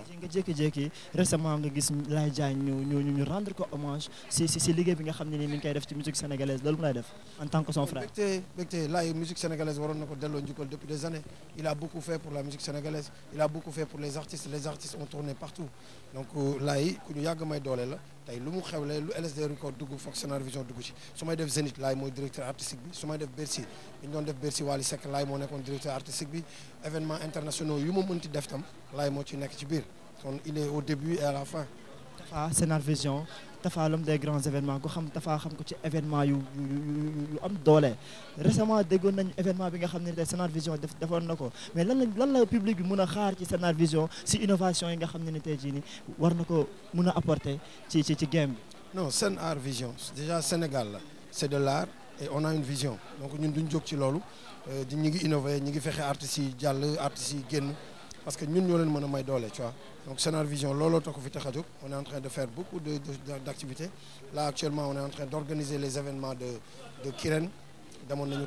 tey nga jékki-jékki récemment nga gis Laye Diagne ñu ñu ñu rendre ko hommage si si si bi nga xam ni def ci musique sénégalaise loolu mu lay def en tant que son frère. mbégte mbégte la musique sénégalaise waroon na ko delloo depuis des années il a beaucoup fait pour la musique sénégalaise il a beaucoup fait pour les artistes les artistes ont tourné partout donc euh, Laye ku ñu yàgg may doole la. tey lu mu xewlee lu LSD record dugg foog Sénar Vision dugg ci su def Zénith laay mooy directeur artistique bi su may def Bercy ñu doon def Bercy Wally Seck laay moo nekkoon directeur artistique bi événement internationaux yu ma mënti def tam laay moo ci nekk ci biir kon il au début et à la fin Tafa Sénar Vision Tafa l'homme des grands événements ko xam Tafa xam ko ci événement yu yu am doole récemment déggoon nañ événement bi nga xam té tey Sénar Vision def defoon na mais lan la lan la public bi mëna xaar ci Sénar Vision ci innovation yi nga xam ne ni tey jii war na ko apporter ci ci ci game bi. non Sénar Vision déjà Sénégal la c'est de l'art et on a une vision donc ñun duñ jog ci lolu euh, di ñi ngi innover ñi ngi fexé artistes yi jall artistes yi génn parce que nous, nous leen mën a may doole tu donc Sénar Vision looloo tax ko fi on est en train de faire beaucoup de d'activités là actuellement on est en train d'organiser les événements de de Kirène demoon nañu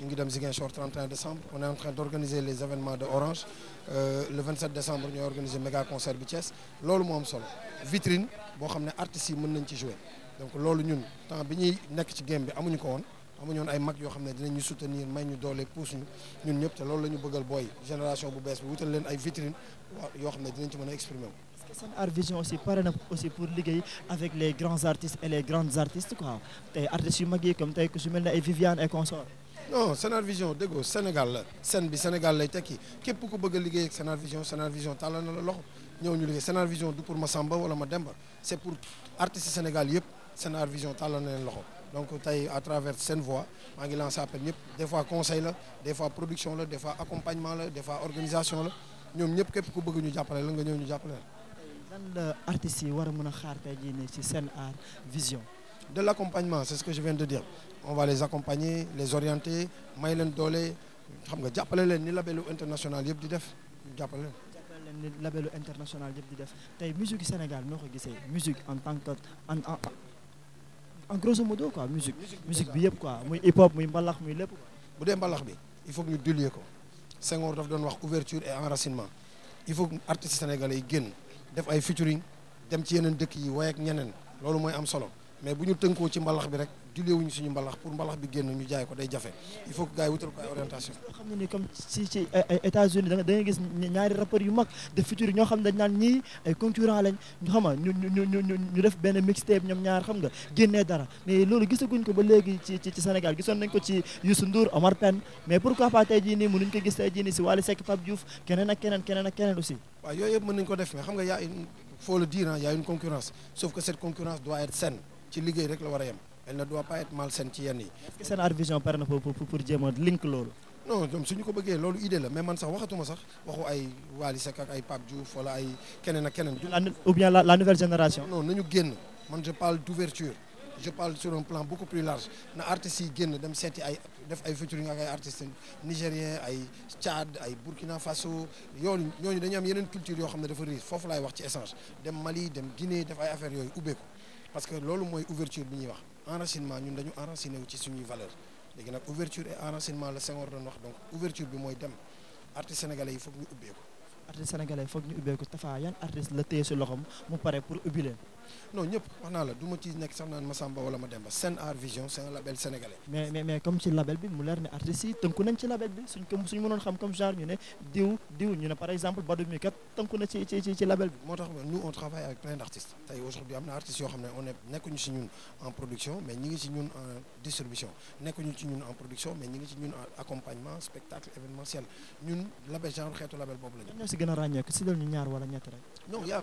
ñu ngi 31 décembre on est en train d'organiser les événements de Orange euh, le 27 décembre on organisé organiser méga concert de Thiès loolu que am solo vitrine boo xam les artistes yi jouer. Donc, ci jouer donc loolu ñun temps bi ñuy nekk ci game bi amuñu ko woon amuñoon ay mag yo xamné dinañ ñu soutenir may ñu doolé pousse ñu ñun ñëpp té loolu lañu ñu bëggal booy génération bu bëss bi wutal leen ay vitrine yo xam dinañ ci mëna exprimer est-ce que seen Art Vision aussi pare aussi pour liggéey avec les grands artistes et les grandes artistes quoi tey artistes yu mag yi comme tay ku su mel ay Viviane et consort non Sénar Vision dego Sénégal la scène bi Sénégal lay tekki képp ku bëgg a ak Sénar Vision Sénar Vision talana la loxo ñëw ñu liggéey Sénar Vision du pour ma samba wala ma demba c'est pour artistes Sénégal yëpp Sénar Vision talana leen loxo donc à travers cette voix maa lance appel des fois conseil des fois production des fois accompagnement des fois organisation la ñoom ñëpp képp ku bëgg ñu jàppale la nga ñu jàppale la. lan la artistes yi war a xaar ci art vision. de l'accompagnement, c'est ce que je viens de dire on va les accompagner les orienter may leen doole xam nga jàppale leen ni labelu international yëpp di def jàppale leen. leen ni labelu international yëpp di def tey musique Sénégal noo ko musique en tant que en en grosso modo quoi musique musique bi quoi muy hip hop muy mbalax muy quoi. bu dé mbalax bi il faut que ñu dulier ko Senghor daf doon wax ouverture et enracinement il faut que artistes sénégalais yi génn def ay featuring dem ci yenen dëkk yi way ak ñenen lolu moy am solo mais bu ñu tënkoo ci mbalax bi rek juleewuñu suñu mbalax pour mbalax bi génn ñu jaay ko day jafe il faut que gars yi wutal ko ay orientation xam unis da gis ñaari rappeurs yu mag de futur ñoo xam ne dañ def benn mixtape ñoom ñaar xam nga ne dara mais loolu gisaguñ ko ba léegi ci ci Sénégal gisoon nañ ko ci Youssou Ndour Omar Pène mais pourquoi pas tey jii nii mënuñ ko gis tey jii nii si Wally Seck Pape Diouf keneen ak keneen aussi waaw yooyu yëpp mën ko def mais xam nga ci liguey rek la wara yam elle ne doit pas être malsaine ci yenn yi. est-ce que seen Art Vision pare na pour pour djema link lolu non ñoom suñu ko bëggee lolu idée la mais man sax waxatuma sax waxu ay Wally Seck ak ay pap Diouf wala ay keneen ak keneen. ou bien la, la nouvelle génération. non nañu génn man je parle d'ouverture je parle sur un plan beaucoup plus large na artiste yi génn dem seeti ay def ay featuring ak ay artistes nigériens ay Tchad ay Burkina Faso yoonu ñooñu dañu am yeneen culture yoo xam ne dafa riche foofu lay wax ci échange dem Mali dem Guinée def ay affaire yooyu ubbeeku parce que loolu mooy ouverture bi ñuy wax enracinement ñun dañu enraciné wu ci suñuy valeur léegi nag ouverture et enracinement la Senghor doon wax donc ouverture bi mooy dem artiste sénégalais il faut ñu ubbeeku artiste sénégalais yi foog ñu ubbeeku Tafa yan artiste la téye si loxoom mu pare pour ubbi leen non ñëpp wax la du Vision c'est un label sénégalais. mais mais mais comme label bi artistes label comme genre par exemple Badou label nous on travaille avec plein d'artistes aujourd'hui nous, artistes en production mais ñi ngi en distribution nous, ci en production mais ñi ngi en accompagnement spectacle événementiel ñun label genre un label nous, la un ci un label. nous, ñu un wala ñett rek. un label.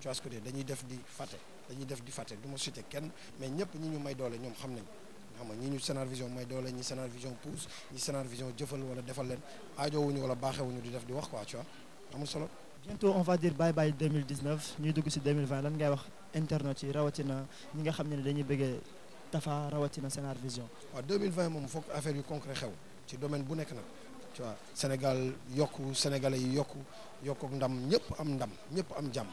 Cos Couture dañuy def di faté dañuy def di faté duma cité kenn mais ñepp ñi ñu may doole ñom xam nañ xam nga ñi ñu scénar Vision may doole ñi scénar Vision pousse ñi scénar Vision jëfal wala défal defal leen aajowuñu wala baaxewuñu di def di wax quoi tu vois amul solo. bientôt on va dire bye bye 2019 ñuy dugg ci 2020 lan ngay wax internet yi rawatina ñi nga xam ne dañuy bëggee Tafa rawatina scénar Vision. wa 2020 moom foog affaire yu concret xew ci domaine bu nekk nag. tu vois Sénégal yokku sénégalais yi yokku yokku ndam ñëpp am ndam ñëpp am jàmm.